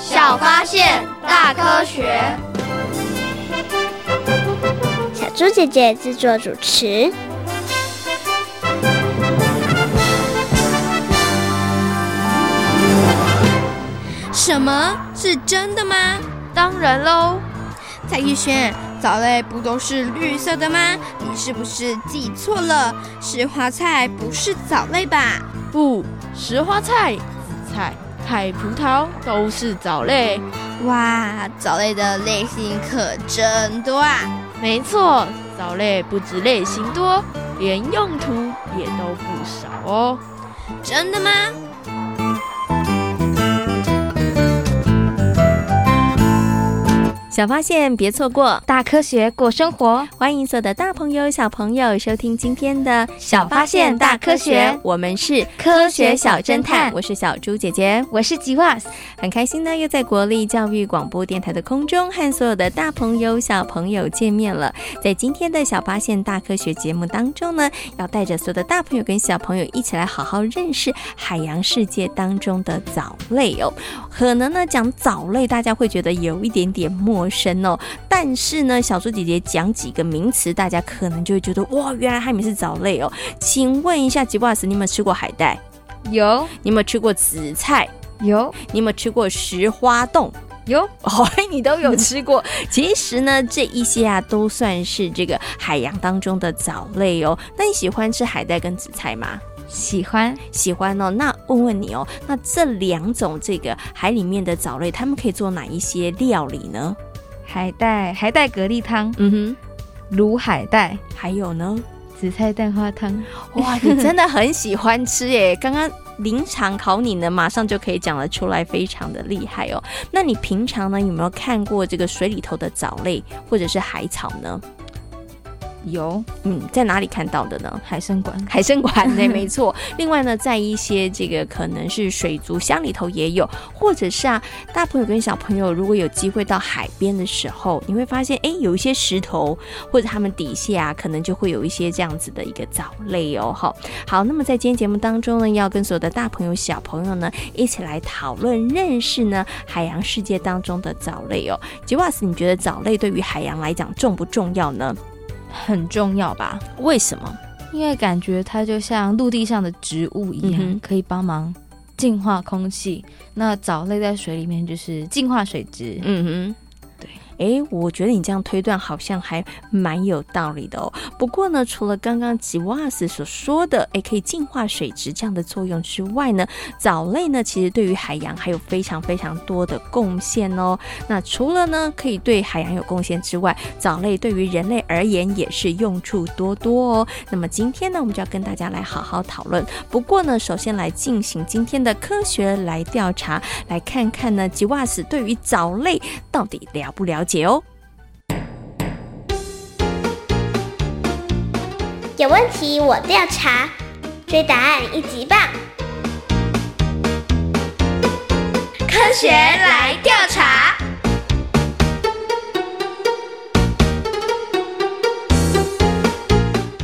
小發現，大科學。小豬姐姐制作主持。什麼是真的嗎？當然嘍。蔡季軒，藻類不都是綠色的嗎？你是不是記錯了？石花菜不是藻類吧？不，石花菜，紫菜。海葡萄都是藻類，哇，藻類的類型可真多啊！沒錯，藻類不止類型多，連用途也都不少哦。真的嗎？小發現，別錯過，大科學過生活。歡迎所有的大朋友、小朋友收聽今天的《小發現大科學》，我們是科學小偵探，我是小豬姐姐，我是姞娃斯，很開心呢，又在國立教育廣播電臺的空中和所有的大朋友、小朋友見面了。在今天的小發現大科學節目當中呢，要帶着所有的大朋友跟小朋友一起來好好認識海洋世界當中的藻類哦。可能呢，講藻類大家會覺得有一點點陌深哦，但是呢，小豬姐姐講幾個名詞，大家可能就會覺得哇，原來海米是藻類哦。請問一下姞娃斯，你有沒有吃過海帶？有。你有沒有吃過紫菜？有。你有沒有吃過石花凍？有。好、哦，你都有吃過。 其實呢，這一些啊，都算是這個海洋當中的藻類哦。那你喜歡吃海帶跟紫菜嗎？喜歡，喜歡哦。那問問你哦，那這兩種這個海裡面的藻類，他們可以做哪一些料理呢？海帶，海帶蛤蜊湯，嗯哼，滷海帶，還有呢，紫菜蛋花湯。哇，你真的很喜歡吃耶！剛剛臨場考你呢，馬上就可以講得出來，非常的厲害哦。那你平常呢，有沒有看過這個水裡頭的藻類或者是海草呢？有，嗯，在哪裡看到的呢？海生館，海生館對、欸，沒錯。 另外呢，在一些這個可能是水族箱裡頭也有，或者是啊，大朋友跟小朋友如果有機會到海邊的時候，你會發現，哎、欸，有一些石頭或者他們底下啊，可能就會有一些這樣子的一個藻類哦。好，那麼在今天節目當中呢，要跟所有的大朋友小朋友呢一起來討論認識呢海洋世界當中的藻類哦。姞娃斯，你覺得藻類對於海洋來講重不重要呢？很重要吧？為什麼？因為感覺它就像陸地上的植物一樣，嗯、可以幫忙淨化空氣。那藻類在水裡面就是淨化水質。嗯哼。誒，我覺得你這樣推斷好像還蠻有道理的哦。不過呢，除了剛剛姞娃斯所說的，誒，可以淨化水質這樣的作用之外呢，藻類呢，其實對於海洋還有非常非常多的貢獻哦。那除了呢可以對海洋有貢獻之外，藻類對於人類而言也是用處多多哦。那麼今天呢，我們就要跟大家來好好討論。不過呢，首先來進行今天的科學來調查，來看看呢姞娃斯對於藻類到底了不了解解哦！有問題我調查，追答案一級棒。科學來調查，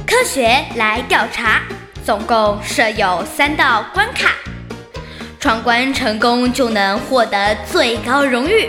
科學來調查，總共設有三道關卡，闖關成功就能獲得最高榮譽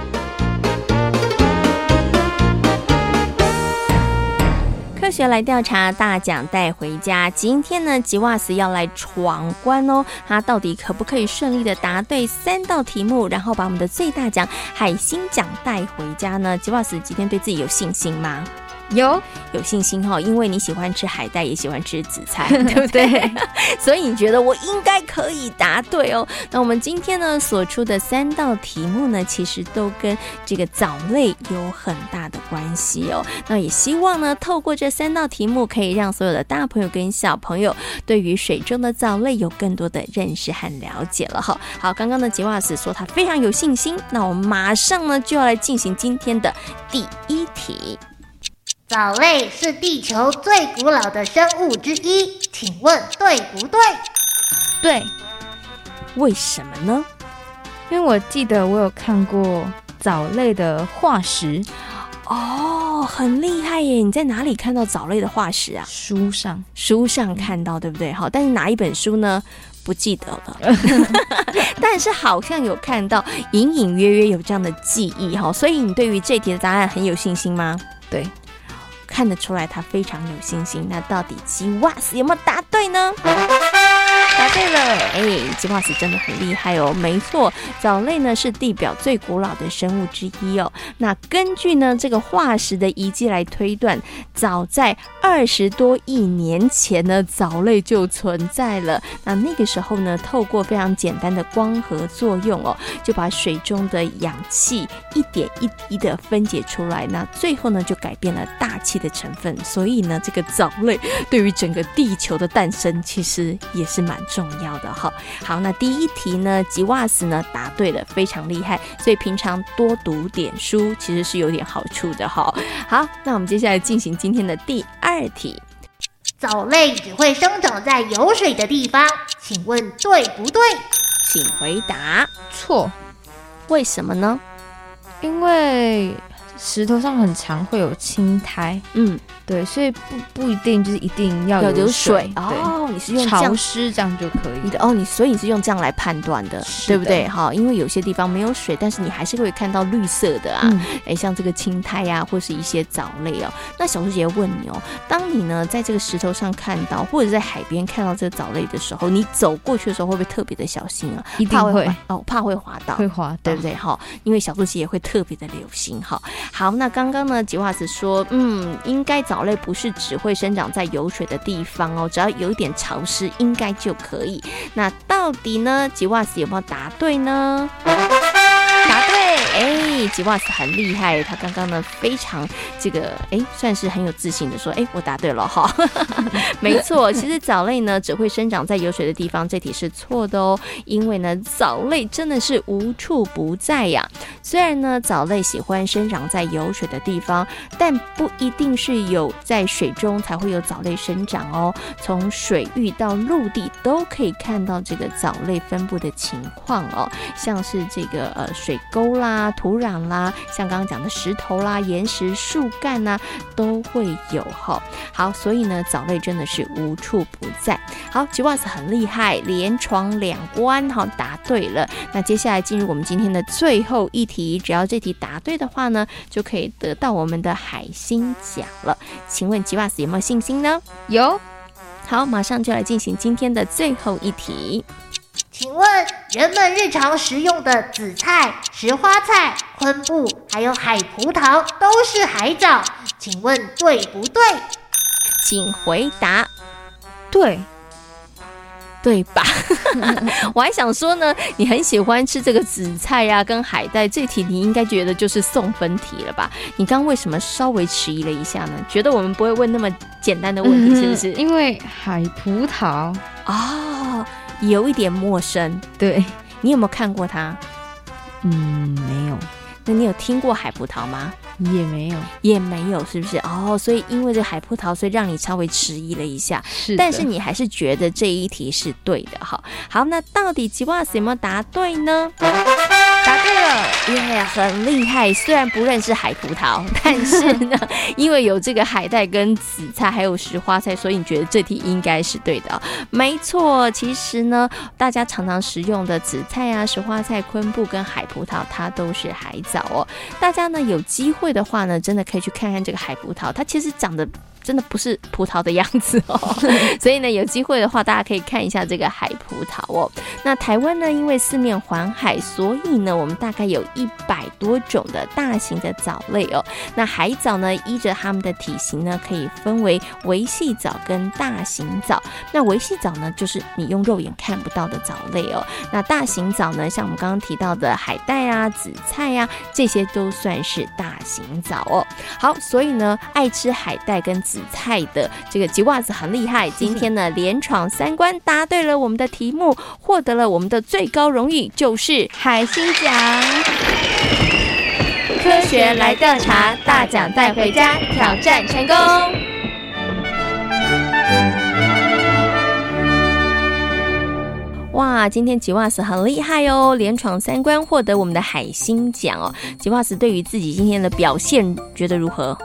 學來調查大獎帶回家。今天呢，姞娃斯要來闖關哦。他到底可不可以順利的答對三道題目，然後把我們的最大獎海星獎帶回家呢？姞娃斯今天對自己有信心嗎？有有信心哈、哦，因為你喜歡吃海帶，也喜歡吃紫菜，對不對？ 對 所以你覺得我應該可以答對哦。那我們今天呢，所出的三道題目呢，其實都跟這個藻類有很大的關係哦。那也希望呢，透過這三道題目，可以讓所有的大朋友跟小朋友對於水中的藻類有更多的認識和了解了哈。好，剛剛的姞娃斯說他非常有信心，那我們馬上呢就要來進行今天的第一題。藻類是地球最古老的生物之一，請問對不對？對，為什麼呢？因為我記得我有看過藻類的化石。哦，很厲害耶！你在哪裡看到藻類的化石啊？書上，書上看到，對不對？好，但是哪一本書呢？不記得了。 但是好像有看到，隱隱約約有這樣的記憶。哈。所以你對於這題的答案很有信心嗎？對。看得出來，他非常有信心。那到底姞娃斯有沒有答對呢？答對了，哎、欸，姞娃斯真的很厲害哦、喔。沒錯，藻類呢是地表最古老的生物之一哦、喔。那根據呢這個化石的遺跡來推斷，早在二十多億年前呢藻類就存在了。那那個時候呢，透過非常簡單的光合作用哦、喔，就把水中的氧氣一點一滴的分解出來。那最後呢就改變了大氣的成分。所以呢這個藻類對於整個地球的誕生其實也是蠻。重要的哈，好，那第一題呢？姞娃斯呢？答對了，非常厲害。所以平常多讀點書，其實是有點好處的哈。好，那我們接下來進行今天的第二題。藻類只會生長在有水的地方，請問對不對？請回答。錯。為什麼呢？因為石頭上很常，會有青苔。嗯。對，所以不不一定就是一定要有水，要有水哦。你是用潮濕這樣就可以。你的哦，你所以你是用這樣來判斷的、的，對不對？哈，因為有些地方沒有水，但是你還是會看到綠色的啊。哎、嗯欸，像這個青苔呀、啊，或是一些藻類哦、喔。那小豬姐問你哦、喔，當你呢在這個石頭上看到，嗯、或者在海邊看到這個藻類的時候，你走過去的時候會不會特別的小心啊？一定會哦，怕會滑倒，會滑倒，對不對？哈，因為小豬姐也會特別的留心。哈，好，那剛剛呢姞娃斯說，嗯，應該找。藻類不是只會生長在有水的地方哦，只要有一點潮濕應該就可以。那到底呢，姞娃斯有沒有答對呢？哎、欸，姞娃斯很厲害，他剛剛呢非常這個哎、欸，算是很有自信的說，哎、欸，我答對了哈。沒錯， 其實藻類呢只會生長在有水的地方，這題是錯的哦，因為呢藻類真的是無處不在呀、啊。雖然呢藻類喜歡生長在有水的地方，但不一定是有在水中才會有藻類生長哦，從水域到陸地都可以看到這個藻類分布的情況哦，像是這個呃水溝啦、土壤啦，像剛剛講的石頭啦、岩石、樹幹吶、啊，都會有哈。好，所以呢，藻類真的是無處不在。好，姞娃斯很厲害，連闖兩關哈、哦，答對了。那接下來進入我們今天的最後一題，只要這題答對的話呢，就可以得到我們的海星獎了。請問姞娃斯有沒有信心呢？有。好，馬上就來進行今天的最後一題。請問人們日常食用的紫菜、石花菜、昆布，還有海葡萄，都是海藻，請問對不對？請回答。對，對吧？ 我還想說呢，你很喜歡吃這個紫菜呀、啊，跟海帶。這題你應該覺得就是送分題了吧？你剛剛為什麼稍微遲疑了一下呢？覺得我們不會問那麼簡單的問題，是不是、嗯？因為海葡萄啊。哦有一點陌生，對你有沒有看過他？嗯，沒有。那你有聽過海葡萄嗎？也沒有，也沒有，是不是？哦、oh,，所以因為這海葡萄，所以讓你稍微遲疑了一下。是，但是你還是覺得這一題是對的，好好，那到底姞娃斯有沒有答對呢？耶、yeah.，很厲害！雖然不認識海葡萄，但是呢， 因為有這個海帶跟紫菜，還有石花菜，所以你覺得這題應該是對的哦。沒錯，其實呢，大家常常食用的紫菜啊、石花菜、昆布跟海葡萄，它都是海藻哦。大家呢，有機會的話呢，真的可以去看看這個海葡萄，它其實長得。真的不是葡萄的樣子哦，所以呢，有機會的話，大家可以看一下這個海葡萄哦。那台灣呢，因為四面環海，所以呢，我們大概有一百多種的大型的藻類哦。那海藻呢，依着它們的體型呢，可以分為微細藻跟大型藻。那微細藻呢，就是你用肉眼看不到的藻類哦。那大型藻呢，像我們剛剛提到的海帶啊、紫菜啊這些都算是大型藻哦。好，所以呢，愛吃海帶跟。紫菜的這個姞娃斯很厲害，今天呢連闖三關，答對了我們的題目，獲得了我們的最高榮譽，就是海星獎。科學來調查，大獎帶回家，挑戰成功！哇，今天姞娃斯很厲害哦，連闖三關，獲得我們的海星獎哦。姞娃斯對於自己今天的表現，覺得如何？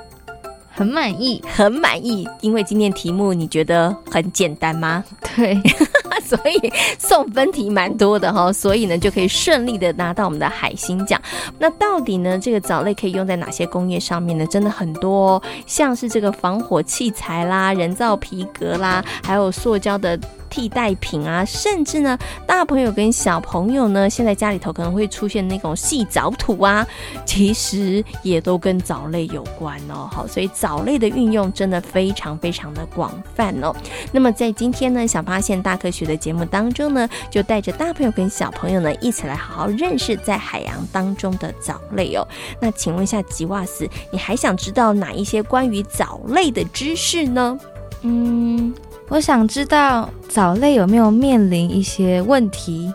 很滿意，很滿意。因為今天題目你覺得很簡單嗎？對， 所以送分題蠻多的哈，所以呢就可以順利的拿到我們的海星獎。那到底呢這個藻類可以用在哪些工業上面呢？真的很多哦，像是這個防火器材啦、人造皮革啦，還有塑膠的。替代品啊，甚至呢，大朋友跟小朋友呢，現在家裡頭可能會出現那種矽藻土啊，其實也都跟藻類有關哦。好，所以藻類的運用真的非常非常的廣泛哦。那麼在今天呢，《小發現大科學》的節目當中呢，就帶着大朋友跟小朋友呢一起來好好認識在海洋當中的藻類哦。那請問一下姞娃斯，你還想知道哪一些關於藻類的知識呢？嗯。我想知道藻類有沒有面臨一些問題，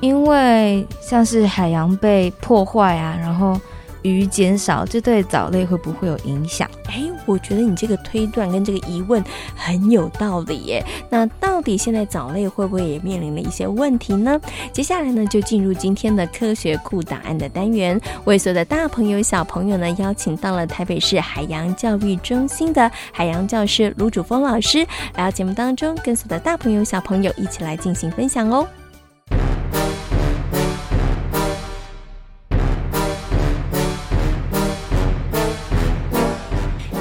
因為像是海洋被破壞啊，然後。於減少，這對藻類會不會有影響？哎，我覺得你這個推斷跟這個疑問很有道理耶。那到底現在藻類會不會也面臨了一些問題呢？接下來呢，就進入今天的科學酷檔案的單元。為所有的大朋友、小朋友呢，邀請到了台北市海洋教育中心的海洋教師盧主峰老師來到節目當中，跟所有的大朋友、小朋友一起來進行分享哦。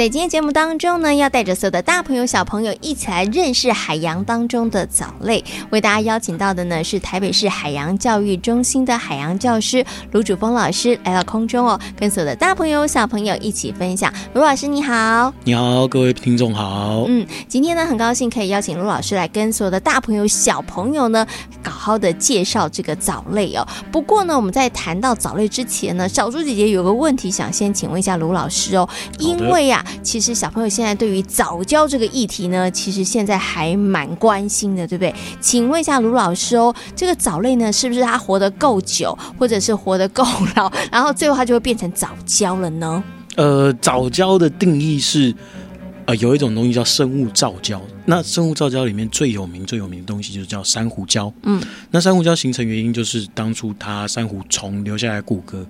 在今天節目當中呢，要帶着所有的大朋友、小朋友一起來認識海洋當中的藻類。為大家邀請到的呢是台北市海洋教育中心的海洋教師盧主峰老師來到空中哦，跟所有的大朋友、小朋友一起分享。盧老師，你好，你好，各位聽眾好。嗯，今天呢很高興可以邀請盧老師來跟所有的大朋友、小朋友呢好好的介紹這個藻類哦。不過呢，我們在談到藻類之前呢，小豬姐姐有個問題想先請問一下盧老師哦，因為呀、啊。其實小朋友現在對於藻礁這個議題呢，其實現在還蠻關心的，對不對？請問一下盧老師哦，這個藻類呢，是不是它活得夠久，或者是活得夠老，然後最後它就會變成藻礁了呢？呃，藻礁的定義是。啊、呃，有一種東西叫生物造礁，那生物造礁裡面最有名最有名的東西就是叫珊瑚礁。嗯，那珊瑚礁形成原因就是當初它珊瑚蟲留下來骨骼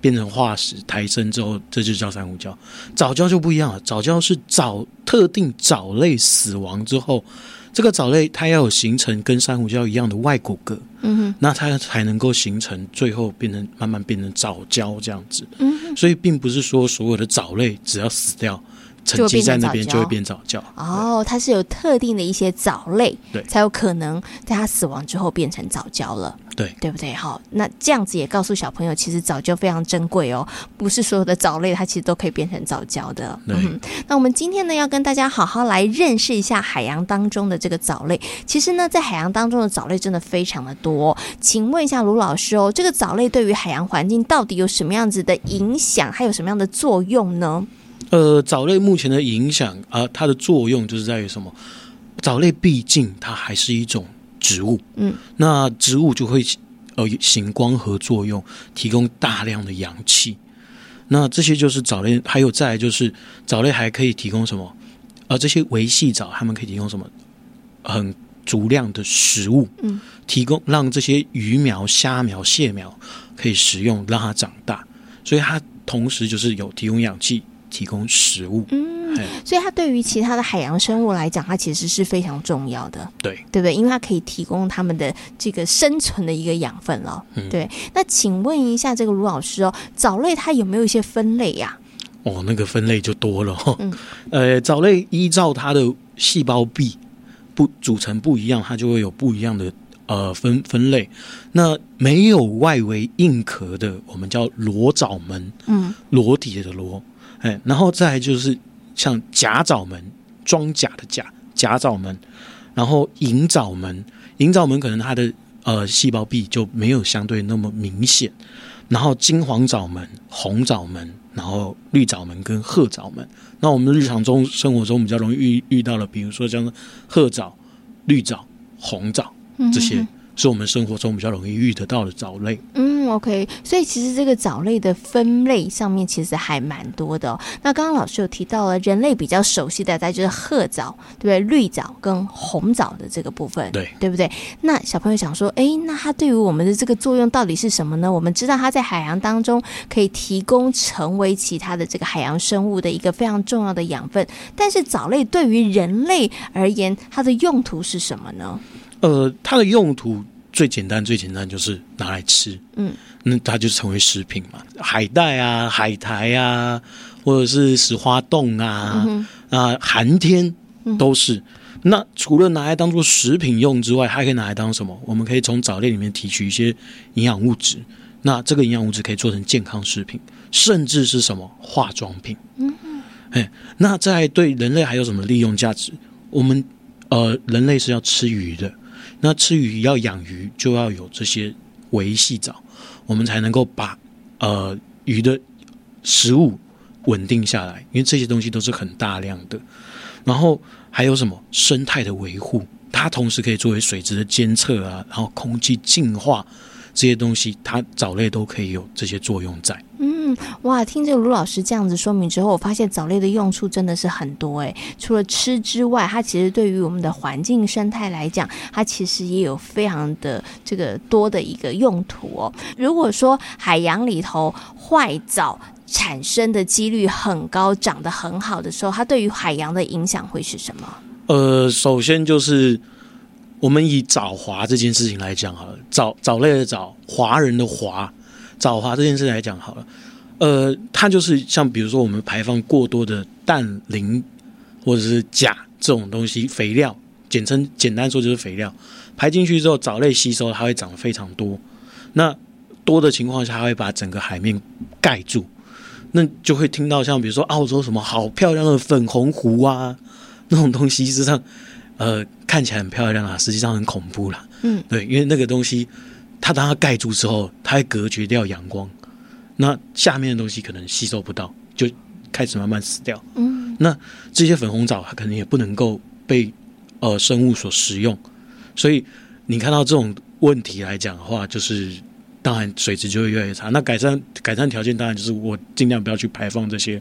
變成化石抬升之後，這就叫珊瑚礁。藻礁就不一樣了，藻礁是藻特定藻類死亡之後，這個藻類它要有形成跟珊瑚礁一樣的外骨骼，嗯哼，那它才能夠形成，最後變成慢慢變成藻礁這樣子。嗯，所以並不是說所有的藻類只要死掉就會變成藻礁，就會變成藻礁哦，它是有特定的一些藻類，才有可能在它死亡之後變成藻礁了。對，對不對？好，那這樣子也告訴小朋友，其實藻礁非常珍貴哦，不是所有的藻類它其實都可以變成藻礁的。嗯，那我們今天呢要跟大家好好來認識一下海洋當中的這個藻類。其實呢，在海洋當中的藻類真的非常的多。請問一下盧老師哦，這個藻類對於海洋環境到底有什麼樣子的影響？還有什麼樣的作用呢？呃，藻類目前的影響啊、呃，它的作用就是在於什麼？藻類畢竟它還是一種植物，嗯，那植物就會呃行光合作用，提供大量的氧氣。那這些就是藻類，還有再就是藻類還可以提供什麼？而、呃、這些微細藻，它們可以提供什麼？很足量的食物，嗯，提供讓這些魚苗、蝦苗、蟹苗可以食用，讓它長大。所以它同時就是有提供氧氣。提供食物，嗯，所以它對於其他的海洋生物來講，它其實是非常重要的，對，對不對？因為它可以提供它們的這個生存的一個養分了、嗯，對。那請問一下，這個盧老師哦，藻類它有沒有一些分類呀、啊？哦，那個分類就多了、哦嗯、呃，藻類依照它的細胞壁不組成不一樣，它就會有不一樣的呃分分類。那沒有外圍硬殼的，我們叫裸藻門，嗯，裸底的裸。哎，然後再就是像甲藻門，裝甲的甲甲藻門，然後隱藻門。隱藻門可能它的呃細胞壁就沒有相對那麼明顯，然後金黃藻門、紅藻門，然後綠藻門跟褐藻門。那我們日常中生活中比較容易遇遇到了，比如說像褐藻、綠藻、紅藻這些，嗯哼哼是我們生活中比較容易遇得到的藻類。嗯，OK。所以其實這個藻類的分類上面其實還蠻多的哦。那剛剛老師有提到了人類比較熟悉的大家就是褐藻，對不對？綠藻跟紅藻的這個部分，對對不對？那小朋友想說，哎，那它對於我們的這個作用到底是什麼呢？我們知道它在海洋當中可以提供成為其他的這個海洋生物的一個非常重要的養分，但是藻類對於人類而言，它的用途是什麼呢？呃，它的用途最簡單，最簡單就是拿來吃，嗯，那它就成為食品嘛，海帶啊、海苔啊，或者是石花凍啊、啊、嗯呃、寒天都是、嗯。那除了拿來當做食品用之外，還可以拿來當什麼？我們可以從藻類裡面提取一些營養物質，那這個營養物質可以做成健康食品，甚至是什麼化妝品。嗯嘿，那在對人類還有什麼利用價值？我們呃，人類是要吃魚的。那吃魚要養魚，就要有這些微細藻，我們才能夠把呃魚的食物穩定下來，因為這些東西都是很大量的。然後還有什麼生態的維護，它同時可以作為水質的監測啊，然後空氣淨化。這些東西，它藻類都可以有這些作用在。嗯，哇，聽這盧老師這樣子說明之後，我發現藻類的用處真的是很多誒，除了吃之外，它其實對於我們的環境生態來講，它其實也有非常的這個多的一個用途哦。如果說海洋裡頭壞藻產生的幾率很高，長得很好的時候，它對於海洋的影響會是什麼？呃，首先就是。我們以藻華這件事情來講好了，藻藻類的藻，華人的華，藻華這件事情來講好了，呃，它就是像比如說我們排放過多的氮磷或者是鉀這種東西肥料，簡稱簡單說就是肥料，排進去之後藻類吸收它會長非常多，那多的情況下它會把整個海面蓋住，那就會聽到像比如說澳洲什麼好漂亮的粉紅湖啊那種東西實際上。呃，看起來很漂亮啦，實際上很恐怖啦。嗯，對，因為那個東西，它當它蓋住之後，它會隔絕掉陽光，那下面的東西可能吸收不到，就開始慢慢死掉。嗯，那這些粉紅藻它肯定也不能夠被呃生物所食用，所以你看到這種問題來講的話，就是當然水質就會越來越差。那改善改善條件，當然就是我盡量不要去排放這些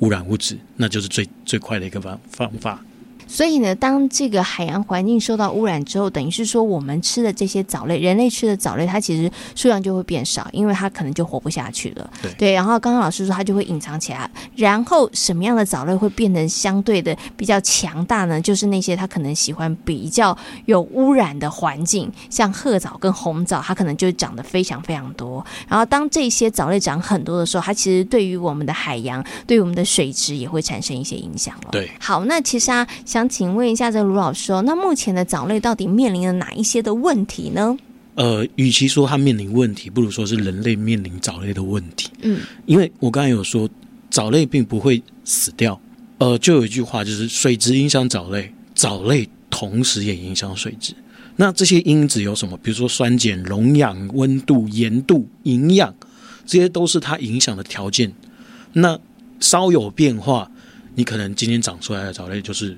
污染物質，那就是最最快的一個方方法。所以呢，當這個海洋環境受到污染之後，等於是說我們吃的這些藻類，人類吃的藻類，它其實數量就會變少，因為它可能就活不下去了。對。對，然後剛剛老師說它就會隱藏起來，然後什麼樣的藻類會變得相對的比較強大呢？就是那些它可能喜歡比較有污染的環境，像褐藻跟紅藻，它可能就長得非常非常多。然後當這些藻類長很多的時候，它其實對於我們的海洋、對於我們的水質也會產生一些影響了。對。好，那其實啊，像想請問一下，這盧老師哦，那目前的藻類到底面臨了哪一些的問題呢？呃，與其說它面臨問題，不如說是人類面臨藻類的問題。嗯，因為我剛才有說，藻類並不會死掉。呃，就有一句話，就是水質影響藻類，藻類同時也影響水質。那這些因子有什麼？比如說酸鹼、溶氧、溫度、鹽度、營養，這些都是它影響的條件。那稍有變化，你可能今天長出來的藻類就是。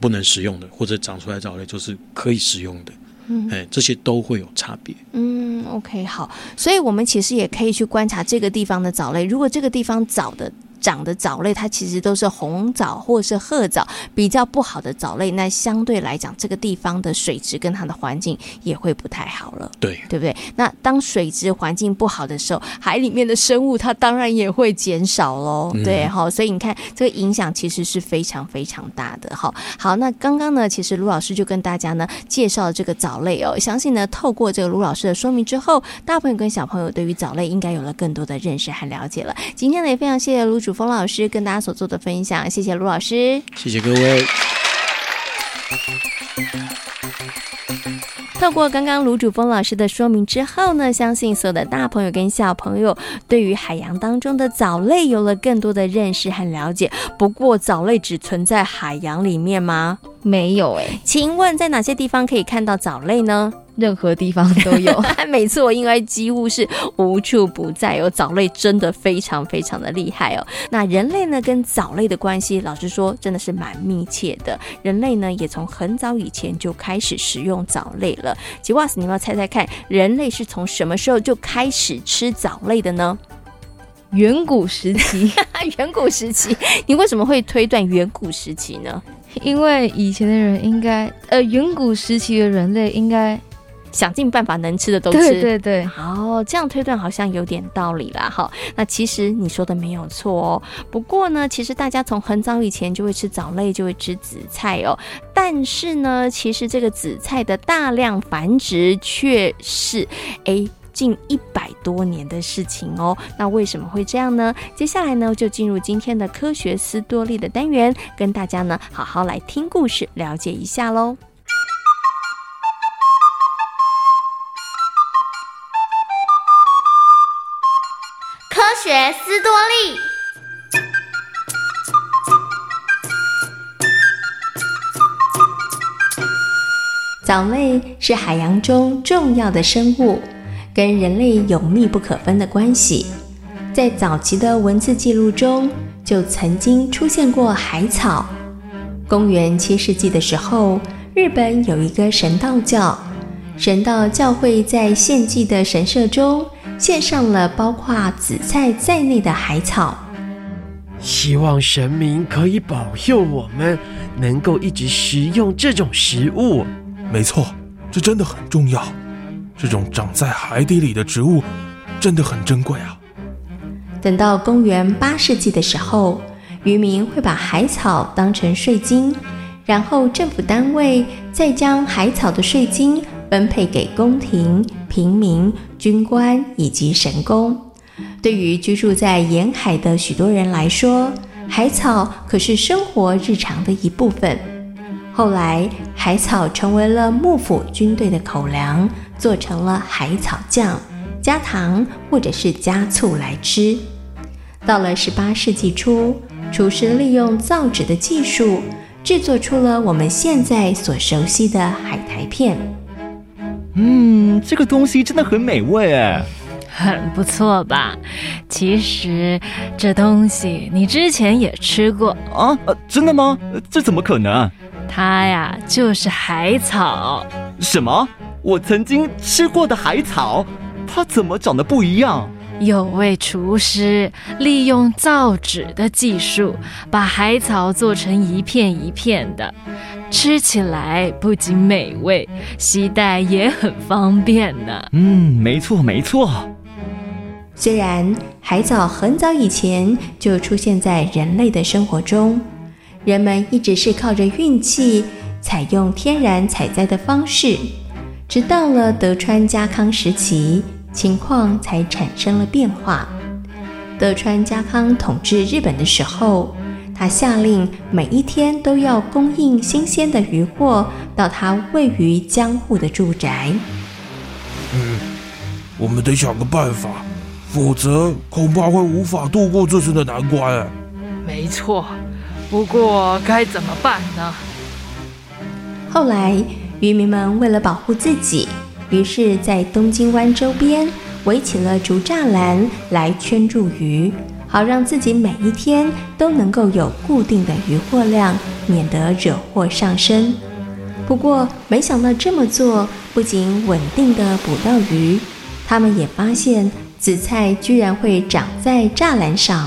不能食用的，或者長出來藻類就是可以食用的，嗯、哎，這些都會有差別。嗯，OK，好，所以我們其實也可以去觀察這個地方的藻類，如果這個地方藻的。長的藻類，它其實都是紅藻或是褐藻，比較不好的藻類。那相對來講，這個地方的水質跟它的環境也會不太好了，對對不對？那當水質環境不好的時候，海裡面的生物它當然也會減少嘍、嗯。對哈，所以你看這個影響其實是非常非常大的哈。好，那剛剛呢，其實盧老師就跟大家呢介紹了這個藻類哦，相信呢透過這個盧老師的說明之後，大朋友跟小朋友對於藻類應該有了更多的認識和了解了。今天呢，也非常謝謝盧主。馮老師跟大家所做的分享，謝謝盧老師，謝謝各位。透過剛剛盧主峰老師的說明之後呢，相信所有的大朋友跟小朋友對於海洋當中的藻類有了更多的認識和了解。不過，藻類只存在海洋裡面嗎？沒有哎、欸，請問在哪些地方可以看到藻類呢？任何地方都有。沒錯，因為幾乎是無處不在，哦。藻類真的非常非常的厲害哦。那人類呢，跟藻類的關係，老實說真的是蠻密切的。人類呢，也從很早以前就開始食用藻類了。姞娃斯，你們要猜猜看，人類是從什麼時候就開始吃藻類的呢？遠古時期，遠 古時期，你為什麼會推斷遠古時期呢？因為以前的人應該，呃，遠古時期的人類應該想盡辦法能吃的都吃。對對對。好，這樣推斷好像有點道理啦，哈。那其實你說的沒有錯哦。不過呢，其實大家從很早以前就會吃藻類，就會吃紫菜哦。但是呢，其實這個紫菜的大量繁殖卻是誒，欸近一百多年的事情哦，那為什麼會這樣呢？接下來呢，就進入今天的科學思多力的單元，跟大家呢，好好來聽故事，了解一下嘍。科學思多力。藻類是海洋中重要的生物。跟人類有密不可分的關係，在早期的文字記錄中就曾經出現過海草。公元七世紀的時候，日本有一個神道教，神道教會在獻祭的神社中獻上了包括紫菜在內的海草，希望神明可以保佑我們能夠一直食用這種食物。沒錯，這真的很重要。這種長在海底裡的植物真的很珍貴啊！等到公元八世紀的時候，漁民會把海草當成稅金，然後政府單位再將海草的稅金分配給宮廷、平民、軍官以及神宮。對於居住在沿海的許多人來說，海草可是生活日常的一部分。後來，海草成為了幕府軍隊的口糧。做成了海草醬，加糖或者是加醋來吃。到了十八世紀初，廚師利用造紙的技術，制作出了我們現在所熟悉的海苔片。嗯，這個東西真的很美味誒，很不錯吧？其實這東西你之前也吃過啊，啊？真的嗎？這怎麼可能？它呀，就是海草。什麼？我曾經吃過的海草，它怎麼長得不一樣？有位廚師利用造紙的技術，把海草做成一片一片的，吃起來不僅美味，攜帶也很方便呢。嗯，沒錯，沒錯。雖然海藻很早以前就出現在人類的生活中，人們一直是靠着運氣，採用天然採摘的方式。直到了德川家康時期，情況才產生了變化。德川家康統治日本的時候，他下令每一天都要供應新鮮的魚貨到他位於江戶的住宅。嗯，我們得想個辦法，否則恐怕會無法度過這次的難關。沒錯，不過該怎麼辦呢？後來，漁民們為了保護自己，於是，在東京灣周邊圍起了竹柵欄來圈住魚，好讓自己每一天都能夠有固定的漁獲量，免得惹禍上身。不過，沒想到這麼做不僅穩定的捕到魚，他們也發現紫菜居然會長在柵欄上。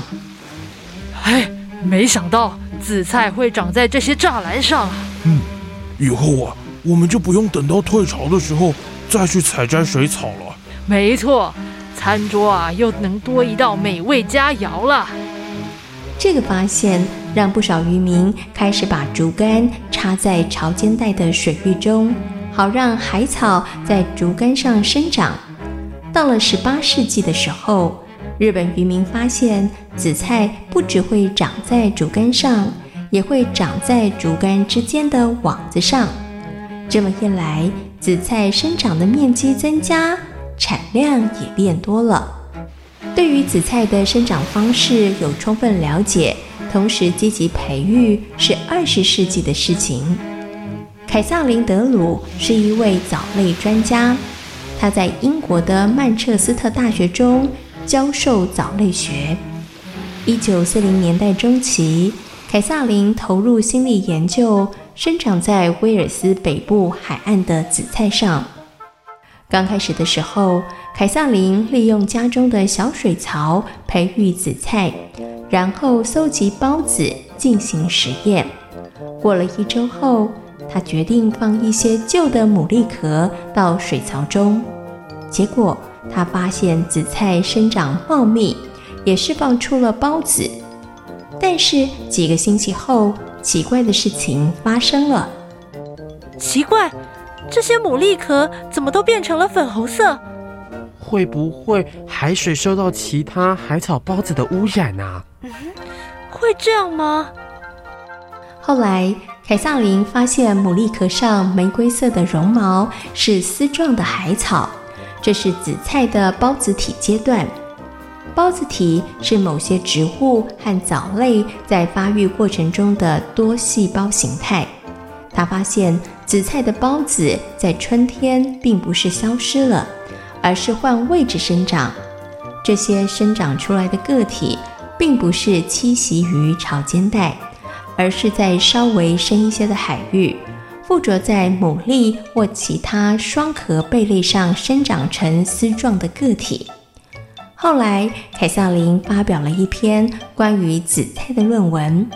哎，沒想到紫菜會長在這些柵欄上。嗯，以後我我們就不用等到退潮的時候再去採摘水草了。沒錯，餐桌啊，又能多一道美味佳餚了。這個發現讓不少漁民開始把竹竿插在潮間帶的水域中，好讓海草在竹竿上生長。到了十八世紀的時候，日本漁民發現紫菜不只會長在竹竿上，也會長在竹竿之間的網子上。這麼一來，紫菜生長的面積增加，產量也變多了。對於紫菜的生長方式有充分了解，同時積極培育，是二十世紀的事情。凱撒琳·德魯是一位藻類專家，他在英國的曼徹斯特大學中教授藻類學。一九四零年代中期，凱撒琳投入新的研究。生長在威爾斯北部海岸的紫菜上。剛開始的時候，凱撒琳利用家中的小水槽培育紫菜，然後搜集孢子進行實驗。過了一周後，他決定放一些舊的牡蠣殼到水槽中。結果，他發現紫菜生長茂密，也釋放出了孢子。但是幾個星期後，奇怪的事情發生了。奇怪，這些牡蠣殼怎麼都變成了粉紅色？會不會海水受到其他海草孢子的污染啊？嗯？會這樣嗎？後來，凱撒琳發現牡蠣殼上玫瑰色的絨毛是絲狀的海草，這是紫菜的孢子體階段。孢子體是某些植物和藻類在發育過程中的多細胞形態。他發現紫菜的孢子在春天並不是消失了，而是換位置生長。這些生長出來的個體並不是棲息於潮間帶，而是在稍微深一些的海域，附着在牡蠣或其他雙殼貝類上生長成絲狀的個體。後來，凱瑟琳發表了一篇關於紫菜的論文，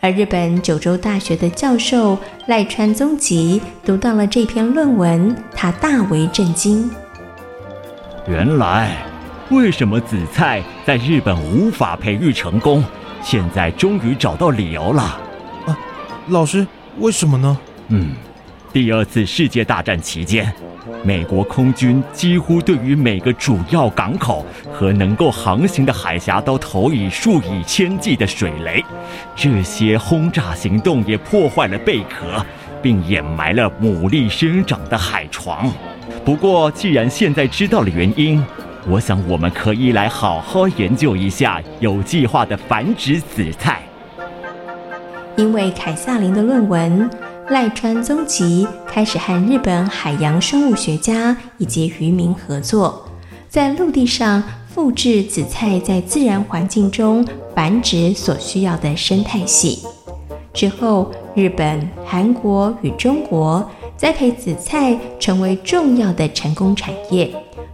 而日本九州大學的教授賴川宗吉讀到了這篇論文，他大為震驚。原來，為什麼紫菜在日本無法培育成功，現在終於找到理由了。啊，老師，為什麼呢？嗯。第二次世界大戰期間，美國空軍幾乎對於每個主要港口和能夠航行的海峽都投以數以千計的水雷。這些轟炸行動也破壞了貝殼，並掩埋了牡蠣生長的海床。不過，既然現在知道了原因，我想我們可以來好好研究一下有計劃的繁殖紫菜，因為凱夏琳的論文。賴川宗吉開始和日本海洋生物學家以及漁民合作，在陸地上複製紫菜在自然環境中繁殖所需要的生態系。之後，日本、韓國與中國栽培紫菜成為重要的成功產業，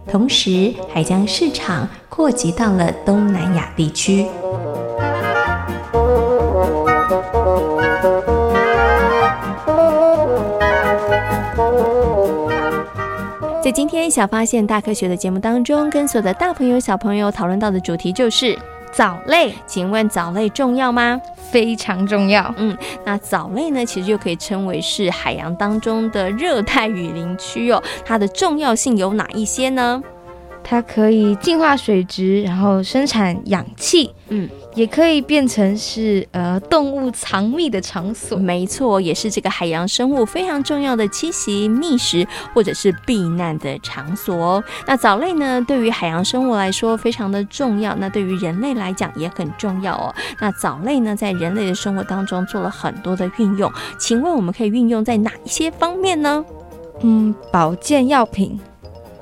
同時還將市場擴及到了東南亞地區。在今天《小發現大科學》的節目當中，跟所有的大朋友、小朋友討論到的主題就是藻類。請問藻類重要嗎？非常重要。嗯，那藻類呢，其實就可以稱為是海洋當中的熱帶雨林區哦。它的重要性有哪一些呢？它可以淨化水質，然後生產氧氣。嗯。也可以變成是呃動物藏匿的場所，沒錯，也是這個海洋生物非常重要的棲息、覓食或者是避難的場所哦。那藻類呢，對於海洋生物來說非常的重要，那對於人類來講也很重要哦。那藻類呢，在人類的生活當中做了很多的運用，請問我們可以運用在哪一些方面呢？嗯，保健藥品、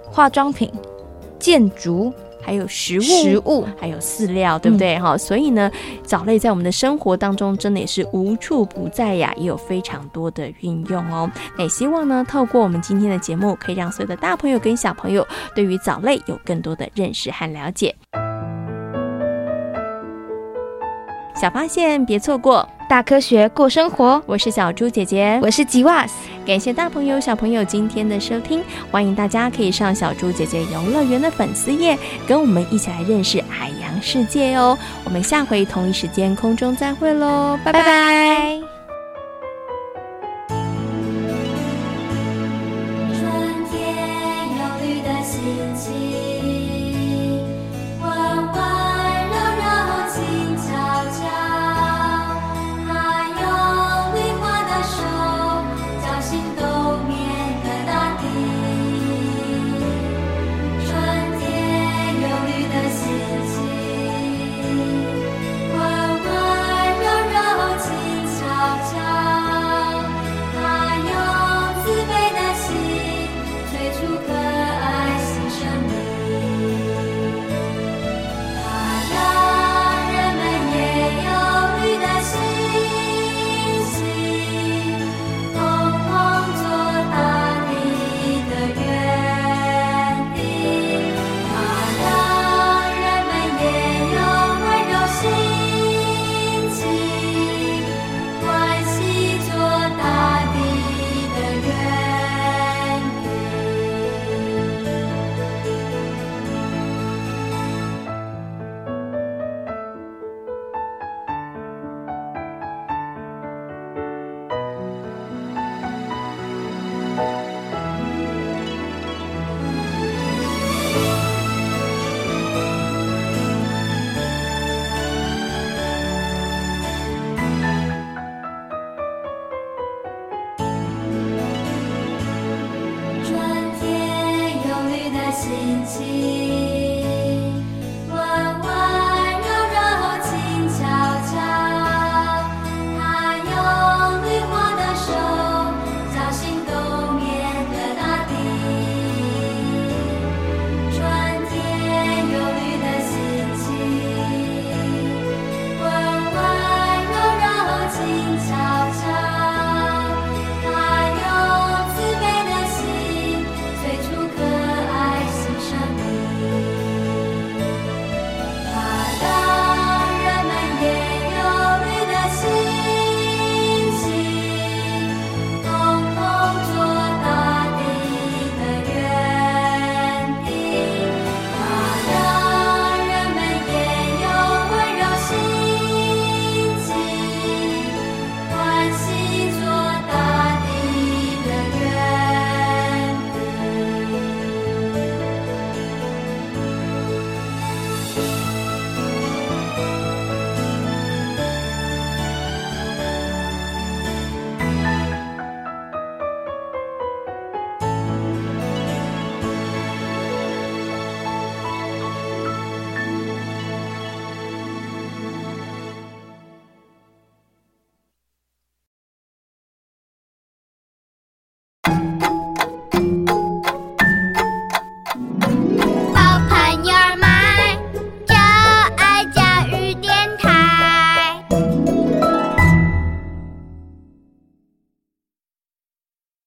化妝品、建築。還有食物，食物還有飼料，對不對？哈、嗯，所以呢，藻類在我們的生活當中，真的也是無處不在呀，也有非常多的運用哦。也、哎、希望呢，透過我們今天的節目，可以讓所有的大朋友跟小朋友對於藻類有更多的認識和了解。小發現，別錯過，大科學過生活。我是小豬姐姐，我是姞娃斯。感謝大朋友、小朋友今天的收聽，歡迎大家可以上小豬姐姐遊樂園的粉絲頁，跟我們一起來認識海洋世界哦。我們下回同一時間空中再會嘍，拜拜。拜拜。